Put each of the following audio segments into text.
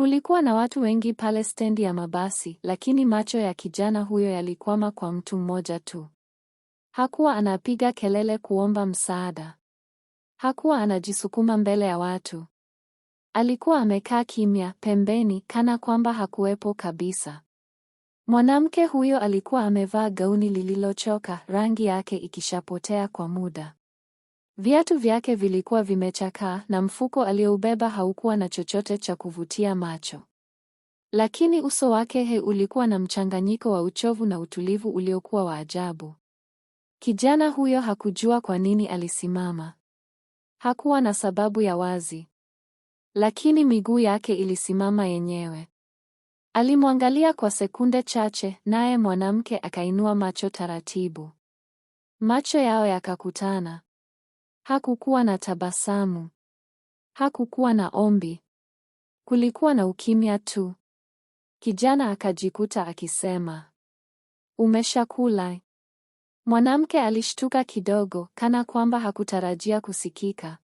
Kulikuwa na watu wengi pale stendi ya mabasi, lakini macho ya kijana huyo yalikwama kwa mtu mmoja tu. Hakuwa anapiga kelele kuomba msaada. Hakuwa anajisukuma mbele ya watu. Alikuwa amekaa kimya pembeni kana kwamba hakuwepo kabisa. Mwanamke huyo alikuwa amevaa gauni lililochoka, rangi yake ikishapotea kwa muda. Viatu vyake vilikuwa vimechakaa na mfuko aliyoubeba haukuwa na chochote cha kuvutia macho. Lakini uso wake he ulikuwa na mchanganyiko wa uchovu na utulivu uliokuwa wa ajabu. Kijana huyo hakujua kwa nini alisimama. Hakuwa na sababu ya wazi. Lakini miguu yake ilisimama yenyewe. Alimwangalia kwa sekunde chache, naye mwanamke akainua macho taratibu. Macho yao yakakutana. Hakukuwa na tabasamu. Hakukuwa na ombi. Kulikuwa na ukimya tu. Kijana akajikuta akisema, "Umeshakula?" Mwanamke alishtuka kidogo kana kwamba hakutarajia kusikika.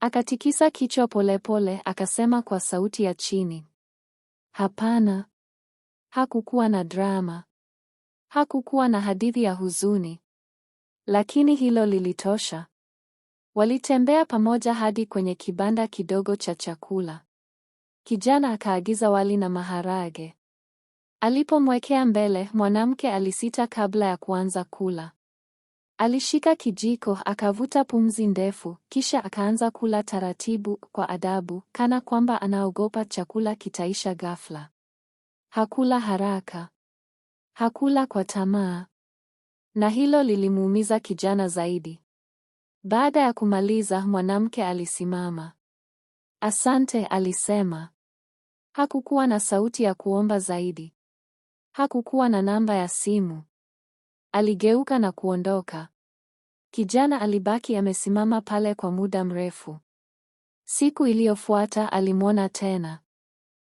Akatikisa kichwa polepole akasema kwa sauti ya chini, "Hapana." Hakukuwa na drama. Hakukuwa na hadithi ya huzuni. Lakini hilo lilitosha. Walitembea pamoja hadi kwenye kibanda kidogo cha chakula. Kijana akaagiza wali na maharage. Alipomwekea mbele, mwanamke alisita kabla ya kuanza kula. Alishika kijiko, akavuta pumzi ndefu, kisha akaanza kula taratibu kwa adabu, kana kwamba anaogopa chakula kitaisha ghafla. Hakula haraka. Hakula kwa tamaa. Na hilo lilimuumiza kijana zaidi. Baada ya kumaliza, mwanamke alisimama. Asante, alisema. Hakukuwa na sauti ya kuomba zaidi. Hakukuwa na namba ya simu. Aligeuka na kuondoka. Kijana alibaki amesimama pale kwa muda mrefu. Siku iliyofuata alimwona tena.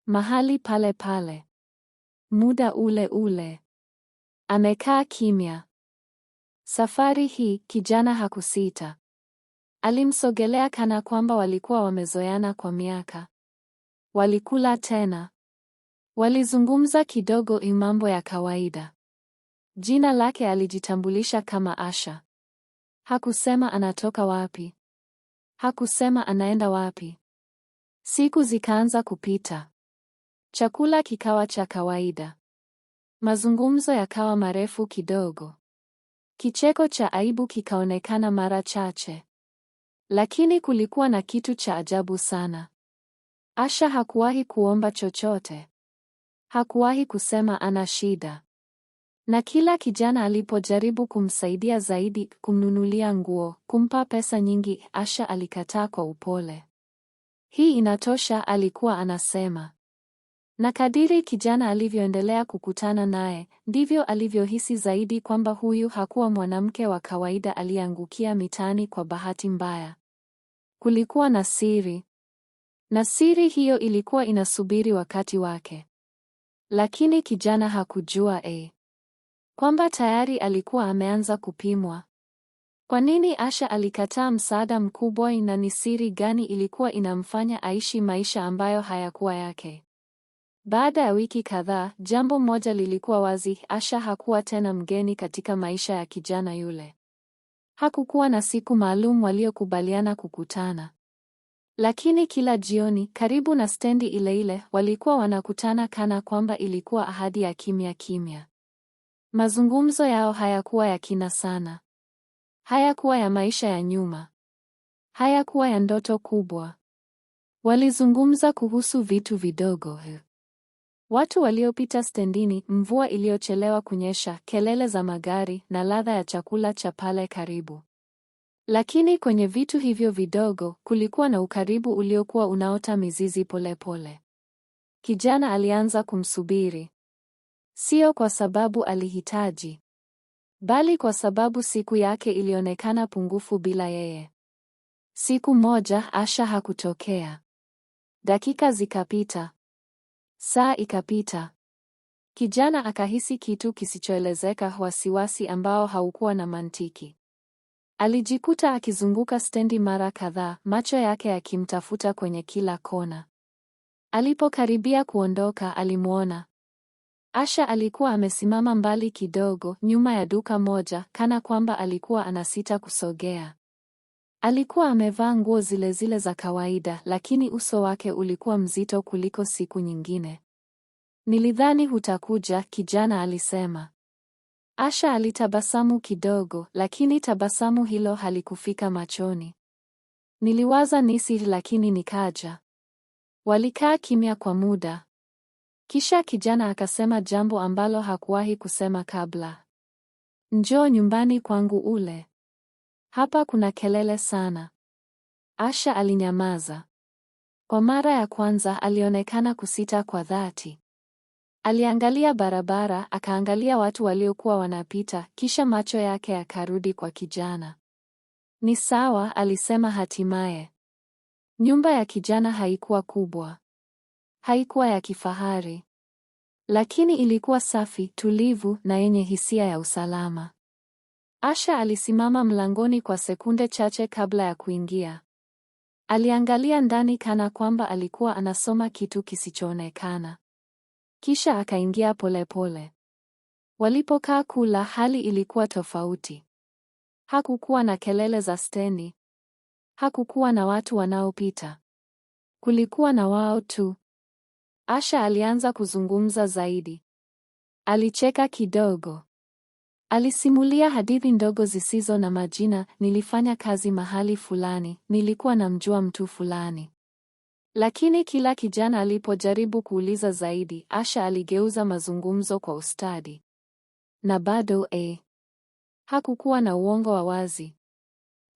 Mahali pale pale. Muda ule ule. Amekaa kimya. Safari hii kijana hakusita. Alimsogelea kana kwamba walikuwa wamezoeana kwa miaka. Walikula tena. Walizungumza kidogo imambo ya kawaida. Jina lake alijitambulisha kama Asha. Hakusema anatoka wapi. Hakusema anaenda wapi. Siku zikaanza kupita. Chakula kikawa cha kawaida. Mazungumzo yakawa marefu kidogo. Kicheko cha aibu kikaonekana mara chache, lakini kulikuwa na kitu cha ajabu sana. Asha hakuwahi kuomba chochote, hakuwahi kusema ana shida, na kila kijana alipojaribu kumsaidia zaidi, kumnunulia nguo, kumpa pesa nyingi, Asha alikataa kwa upole. Hii inatosha, alikuwa anasema. Na kadiri kijana alivyoendelea kukutana naye, ndivyo alivyohisi zaidi kwamba huyu hakuwa mwanamke wa kawaida aliyeangukia mitaani kwa bahati mbaya. Kulikuwa na siri, na siri hiyo ilikuwa inasubiri wakati wake. Lakini kijana hakujua e, kwamba tayari alikuwa ameanza kupimwa. Kwa nini Asha alikataa msaada mkubwa, na ni siri gani ilikuwa inamfanya aishi maisha ambayo hayakuwa yake? Baada ya wiki kadhaa, jambo moja lilikuwa wazi, Asha hakuwa tena mgeni katika maisha ya kijana yule. Hakukuwa na siku maalum waliokubaliana kukutana. Lakini kila jioni, karibu na stendi ile ile, walikuwa wanakutana kana kwamba ilikuwa ahadi ya kimya kimya. Mazungumzo yao hayakuwa ya kina sana. Hayakuwa ya maisha ya nyuma. Hayakuwa ya ndoto kubwa. Walizungumza kuhusu vitu vidogo. Watu waliopita stendini, mvua iliyochelewa kunyesha, kelele za magari na ladha ya chakula cha pale karibu. Lakini kwenye vitu hivyo vidogo kulikuwa na ukaribu uliokuwa unaota mizizi polepole pole. Kijana alianza kumsubiri, sio kwa sababu alihitaji, bali kwa sababu siku yake ilionekana pungufu bila yeye. Siku moja Asha hakutokea. Dakika zikapita. Saa ikapita. Kijana akahisi kitu kisichoelezeka, wasiwasi ambao haukuwa na mantiki. Alijikuta akizunguka stendi mara kadhaa, macho yake yakimtafuta kwenye kila kona. Alipokaribia kuondoka, alimwona Asha. Alikuwa amesimama mbali kidogo, nyuma ya duka moja, kana kwamba alikuwa anasita kusogea. Alikuwa amevaa nguo zile zile za kawaida, lakini uso wake ulikuwa mzito kuliko siku nyingine. Nilidhani hutakuja, kijana alisema. Asha alitabasamu kidogo, lakini tabasamu hilo halikufika machoni. Niliwaza nisi, lakini nikaja. Walikaa kimya kwa muda. Kisha kijana akasema jambo ambalo hakuwahi kusema kabla. Njoo nyumbani kwangu ule. Hapa kuna kelele sana. Asha alinyamaza. Kwa mara ya kwanza alionekana kusita kwa dhati. Aliangalia barabara, akaangalia watu waliokuwa wanapita, kisha macho yake yakarudi kwa kijana. Ni sawa, alisema hatimaye. Nyumba ya kijana haikuwa kubwa. Haikuwa ya kifahari. Lakini ilikuwa safi, tulivu na yenye hisia ya usalama. Asha alisimama mlangoni kwa sekunde chache kabla ya kuingia. Aliangalia ndani kana kwamba alikuwa anasoma kitu kisichoonekana. Kisha akaingia polepole. Walipokaa kula, hali ilikuwa tofauti. Hakukuwa na kelele za steni Hakukuwa na watu wanaopita. Kulikuwa na wao tu. Asha alianza kuzungumza zaidi. Alicheka kidogo. Alisimulia hadithi ndogo zisizo na majina, nilifanya kazi mahali fulani, nilikuwa namjua mtu fulani. Lakini kila kijana alipojaribu kuuliza zaidi, Asha aligeuza mazungumzo kwa ustadi. Na bado e, hakukuwa na uongo wa wazi.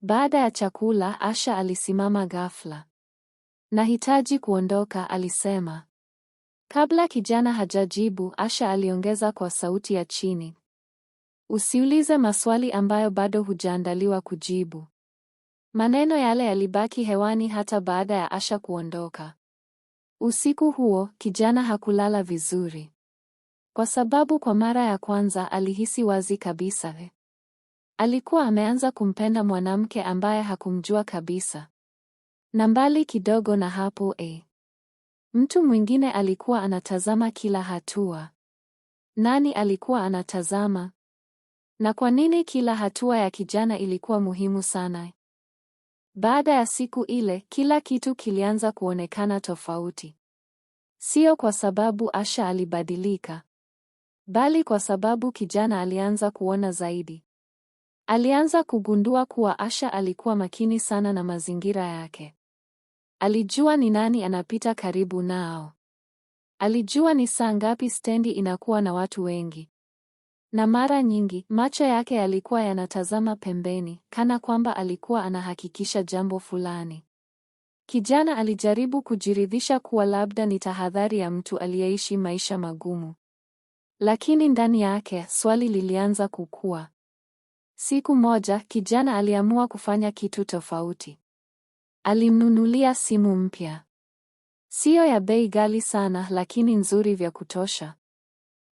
Baada ya chakula, Asha alisimama ghafla. Nahitaji kuondoka, alisema. Kabla kijana hajajibu, Asha aliongeza kwa sauti ya chini, Usiulize maswali ambayo bado hujaandaliwa kujibu. Maneno yale yalibaki hewani hata baada ya Asha kuondoka. Usiku huo kijana hakulala vizuri, kwa sababu kwa mara ya kwanza alihisi wazi kabisa Alikuwa ameanza kumpenda mwanamke ambaye hakumjua kabisa, na mbali kidogo na hapo e, mtu mwingine alikuwa anatazama kila hatua. Nani alikuwa anatazama? Na kwa nini kila hatua ya kijana ilikuwa muhimu sana? Baada ya siku ile, kila kitu kilianza kuonekana tofauti. Sio kwa sababu Asha alibadilika, bali kwa sababu kijana alianza kuona zaidi. Alianza kugundua kuwa Asha alikuwa makini sana na mazingira yake. Alijua ni nani anapita karibu nao. Alijua ni saa ngapi stendi inakuwa na watu wengi na mara nyingi macho yake yalikuwa yanatazama pembeni, kana kwamba alikuwa anahakikisha jambo fulani. Kijana alijaribu kujiridhisha kuwa labda ni tahadhari ya mtu aliyeishi maisha magumu, lakini ndani yake swali lilianza kukua. Siku moja kijana aliamua kufanya kitu tofauti. Alimnunulia simu mpya, siyo ya bei ghali sana, lakini nzuri vya kutosha.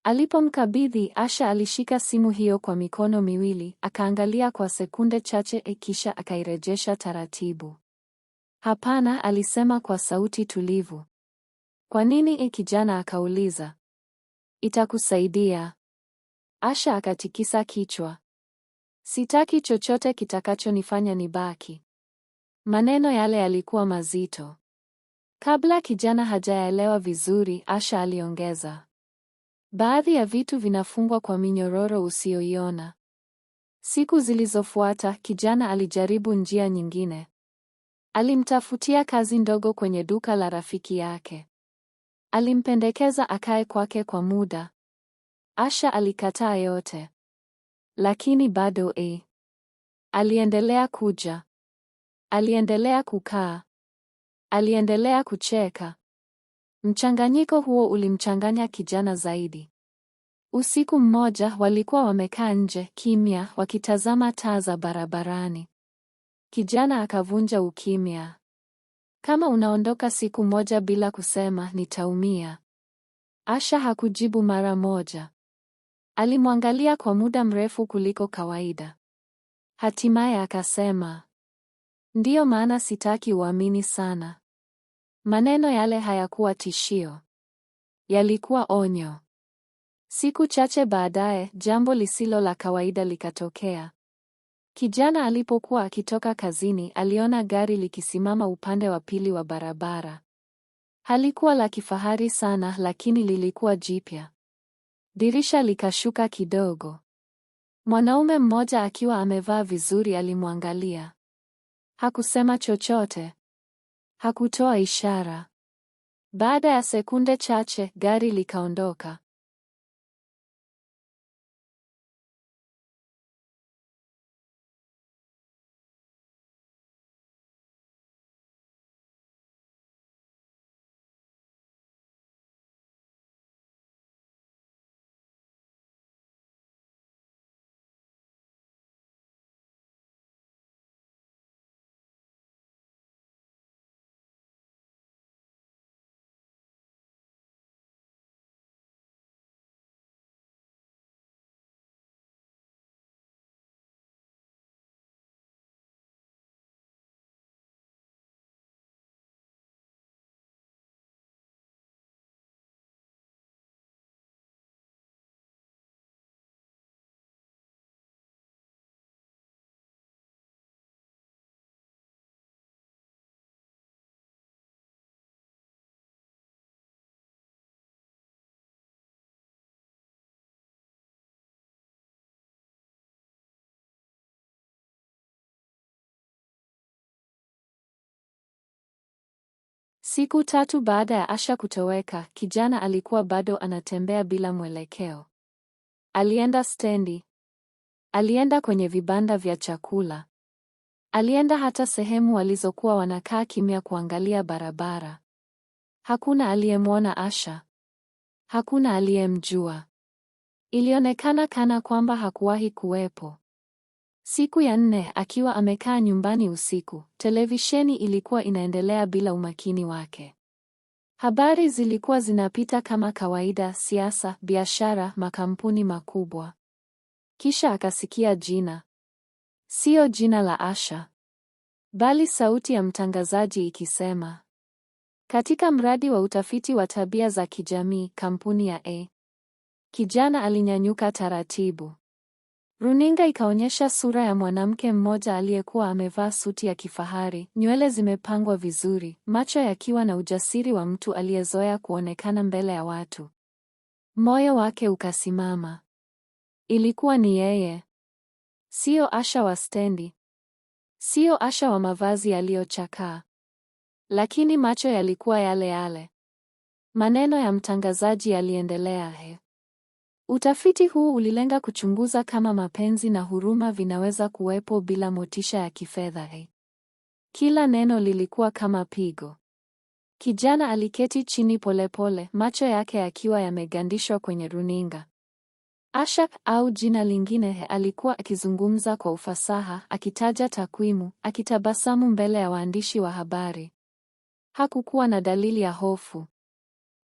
Alipomkabidhi Asha, alishika simu hiyo kwa mikono miwili, akaangalia kwa sekunde chache, e, kisha akairejesha taratibu. Hapana, alisema kwa sauti tulivu. Kwa nini? E, kijana akauliza. Itakusaidia. Asha akatikisa kichwa. Sitaki chochote kitakachonifanya nibaki. Maneno yale yalikuwa mazito. Kabla kijana hajaelewa vizuri, Asha aliongeza. Baadhi ya vitu vinafungwa kwa minyororo usiyoiona. Siku zilizofuata, kijana alijaribu njia nyingine. Alimtafutia kazi ndogo kwenye duka la rafiki yake. Alimpendekeza akae kwake kwa muda. Asha alikataa yote. Lakini bado e, aliendelea kuja. Aliendelea kukaa. Aliendelea kucheka. Mchanganyiko huo ulimchanganya kijana zaidi. Usiku mmoja walikuwa wamekaa nje kimya, wakitazama taa za barabarani. Kijana akavunja ukimya. Kama unaondoka siku moja bila kusema, nitaumia. Asha hakujibu mara moja. Alimwangalia kwa muda mrefu kuliko kawaida. Hatimaye akasema, ndiyo maana sitaki uamini sana. Maneno yale hayakuwa tishio, yalikuwa onyo. Siku chache baadaye, jambo lisilo la kawaida likatokea. Kijana alipokuwa akitoka kazini, aliona gari likisimama upande wa pili wa barabara. Halikuwa la kifahari sana, lakini lilikuwa jipya. Dirisha likashuka kidogo. Mwanaume mmoja akiwa amevaa vizuri alimwangalia. Hakusema chochote. Hakutoa ishara. Baada ya sekunde chache, gari likaondoka. Siku tatu baada ya Asha kutoweka, kijana alikuwa bado anatembea bila mwelekeo. Alienda stendi. Alienda kwenye vibanda vya chakula. Alienda hata sehemu walizokuwa wanakaa kimya kuangalia barabara. Hakuna aliyemwona Asha. Hakuna aliyemjua. Ilionekana kana kwamba hakuwahi kuwepo. Siku ya nne akiwa amekaa nyumbani usiku, televisheni ilikuwa inaendelea bila umakini wake. Habari zilikuwa zinapita kama kawaida: siasa, biashara, makampuni makubwa. Kisha akasikia jina, siyo jina la Asha, bali sauti ya mtangazaji ikisema, katika mradi wa utafiti wa tabia za kijamii, kampuni ya A. Kijana alinyanyuka taratibu. Runinga ikaonyesha sura ya mwanamke mmoja aliyekuwa amevaa suti ya kifahari, nywele zimepangwa vizuri, macho yakiwa na ujasiri wa mtu aliyezoea kuonekana mbele ya watu. Moyo wake ukasimama. Ilikuwa ni yeye. Sio Asha wa stendi. Sio Asha wa mavazi yaliyochakaa. Lakini macho yalikuwa yale yale. Maneno ya mtangazaji yaliendelea he. Utafiti huu ulilenga kuchunguza kama mapenzi na huruma vinaweza kuwepo bila motisha ya kifedha. Kila neno lilikuwa kama pigo. Kijana aliketi chini polepole pole, macho yake yakiwa yamegandishwa kwenye runinga. Ashak au jina lingine alikuwa akizungumza kwa ufasaha, akitaja takwimu, akitabasamu mbele ya waandishi wa habari. Hakukuwa na dalili ya hofu.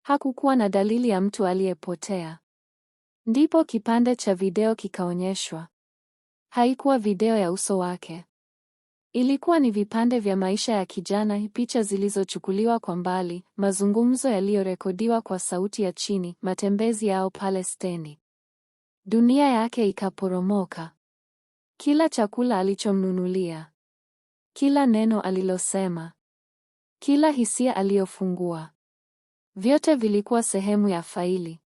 Hakukuwa na dalili ya mtu aliyepotea. Ndipo kipande cha video kikaonyeshwa. Haikuwa video ya uso wake. Ilikuwa ni vipande vya maisha ya kijana, picha zilizochukuliwa kwa mbali, mazungumzo yaliyorekodiwa kwa sauti ya chini, matembezi yao pale steni. Dunia yake ikaporomoka. Kila chakula alichomnunulia, kila neno alilosema, kila hisia aliyofungua, vyote vilikuwa sehemu ya faili.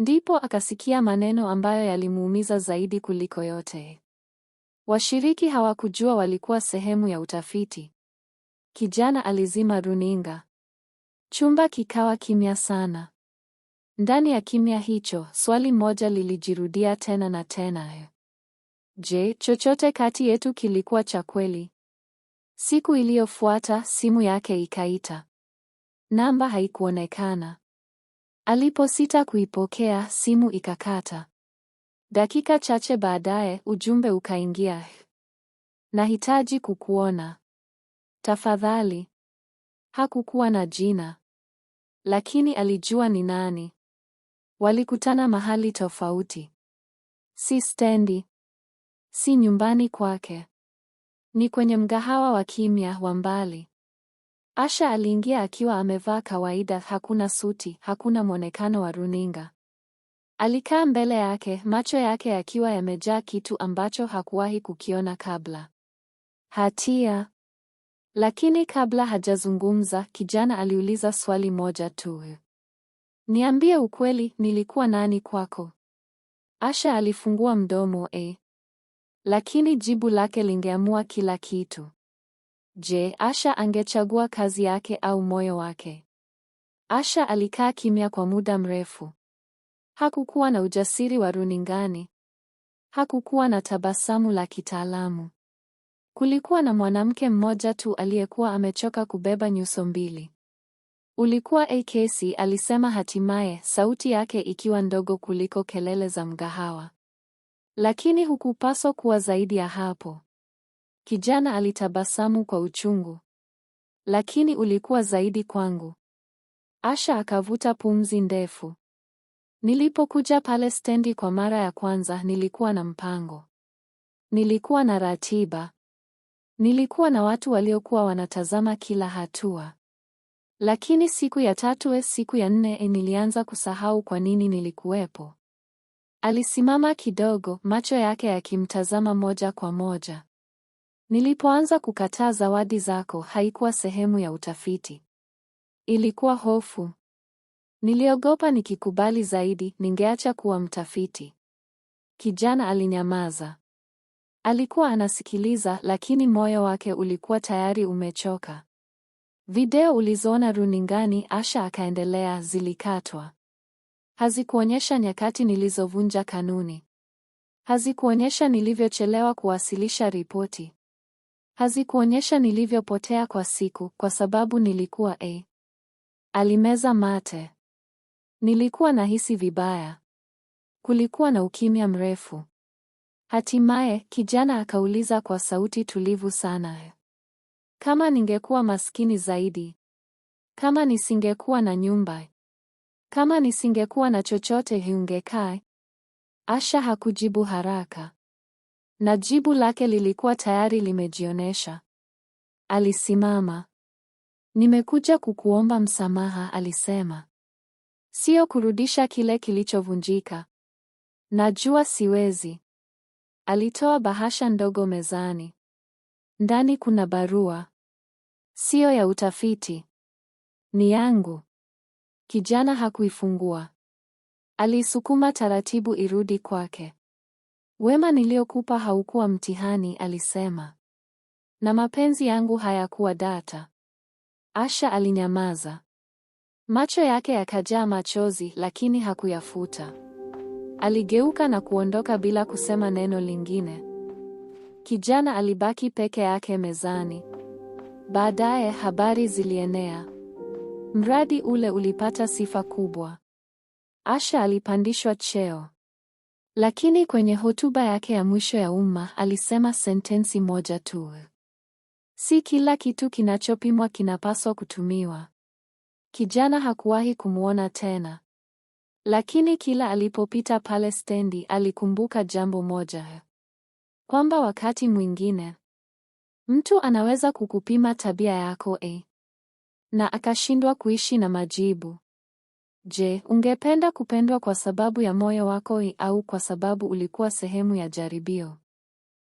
Ndipo akasikia maneno ambayo yalimuumiza zaidi kuliko yote. Washiriki hawakujua walikuwa sehemu ya utafiti. Kijana alizima runinga. Chumba kikawa kimya sana. Ndani ya kimya hicho, swali moja lilijirudia tena na tena. Je, chochote kati yetu kilikuwa cha kweli? Siku iliyofuata, simu yake ikaita. Namba haikuonekana. Aliposita kuipokea, simu ikakata. Dakika chache baadaye, ujumbe ukaingia. Nahitaji kukuona. Tafadhali. Hakukuwa na jina. Lakini alijua ni nani. Walikutana mahali tofauti. Si stendi. Si nyumbani kwake. Ni kwenye mgahawa wa kimya wa mbali. Asha aliingia akiwa amevaa kawaida, hakuna suti, hakuna mwonekano wa runinga. Alikaa mbele yake, macho yake yakiwa yamejaa kitu ambacho hakuwahi kukiona kabla. Hatia. Lakini kabla hajazungumza, kijana aliuliza swali moja tu. Niambie ukweli, nilikuwa nani kwako? Asha alifungua mdomo e, lakini jibu lake lingeamua kila kitu. Je, Asha angechagua kazi yake au moyo wake? Asha alikaa kimya kwa muda mrefu. Hakukuwa na ujasiri wa runingani. Hakukuwa na tabasamu la kitaalamu. Kulikuwa na mwanamke mmoja tu aliyekuwa amechoka kubeba nyuso mbili. Ulikuwa AKC, alisema hatimaye, sauti yake ikiwa ndogo kuliko kelele za mgahawa. Lakini hukupaswa kuwa zaidi ya hapo. Kijana alitabasamu kwa uchungu. Lakini ulikuwa zaidi kwangu. Asha akavuta pumzi ndefu. Nilipokuja pale stendi kwa mara ya kwanza, nilikuwa na mpango. Nilikuwa na ratiba. Nilikuwa na watu waliokuwa wanatazama kila hatua. Lakini siku ya tatu e, siku ya nne e, nilianza kusahau kwa nini nilikuwepo. Alisimama kidogo, macho yake yakimtazama moja kwa moja. Nilipoanza kukataa zawadi zako, haikuwa sehemu ya utafiti. Ilikuwa hofu. Niliogopa nikikubali zaidi, ningeacha kuwa mtafiti. Kijana alinyamaza. Alikuwa anasikiliza, lakini moyo wake ulikuwa tayari umechoka. Video ulizoona runingani, Asha akaendelea, zilikatwa. Hazikuonyesha nyakati nilizovunja kanuni. Hazikuonyesha nilivyochelewa kuwasilisha ripoti. Hazikuonyesha nilivyopotea kwa siku kwa sababu nilikuwa a. Alimeza mate. Nilikuwa nahisi vibaya. Kulikuwa na ukimya mrefu. Hatimaye kijana akauliza kwa sauti tulivu sana, kama ningekuwa maskini zaidi, kama nisingekuwa na nyumba, kama nisingekuwa na chochote, hiungekae Asha hakujibu haraka na jibu lake lilikuwa tayari limejionyesha. Alisimama. Nimekuja kukuomba msamaha, alisema. Sio kurudisha kile kilichovunjika. Najua siwezi. Alitoa bahasha ndogo mezani. Ndani kuna barua. Sio ya utafiti. Ni yangu. Kijana hakuifungua. Aliisukuma taratibu irudi kwake. Wema niliyokupa haukuwa mtihani, alisema, na mapenzi yangu hayakuwa data. Asha alinyamaza, macho yake yakajaa machozi, lakini hakuyafuta. Aligeuka na kuondoka bila kusema neno lingine. Kijana alibaki peke yake mezani. Baadaye habari zilienea, mradi ule ulipata sifa kubwa. Asha alipandishwa cheo. Lakini kwenye hotuba yake ya mwisho ya umma alisema sentensi moja tu: si kila kitu kinachopimwa kinapaswa kutumiwa. Kijana hakuwahi kumwona tena, lakini kila alipopita pale stendi alikumbuka jambo moja, kwamba wakati mwingine mtu anaweza kukupima tabia yako eh, na akashindwa kuishi na majibu. Je, ungependa kupendwa kwa sababu ya moyo wako au kwa sababu ulikuwa sehemu ya jaribio?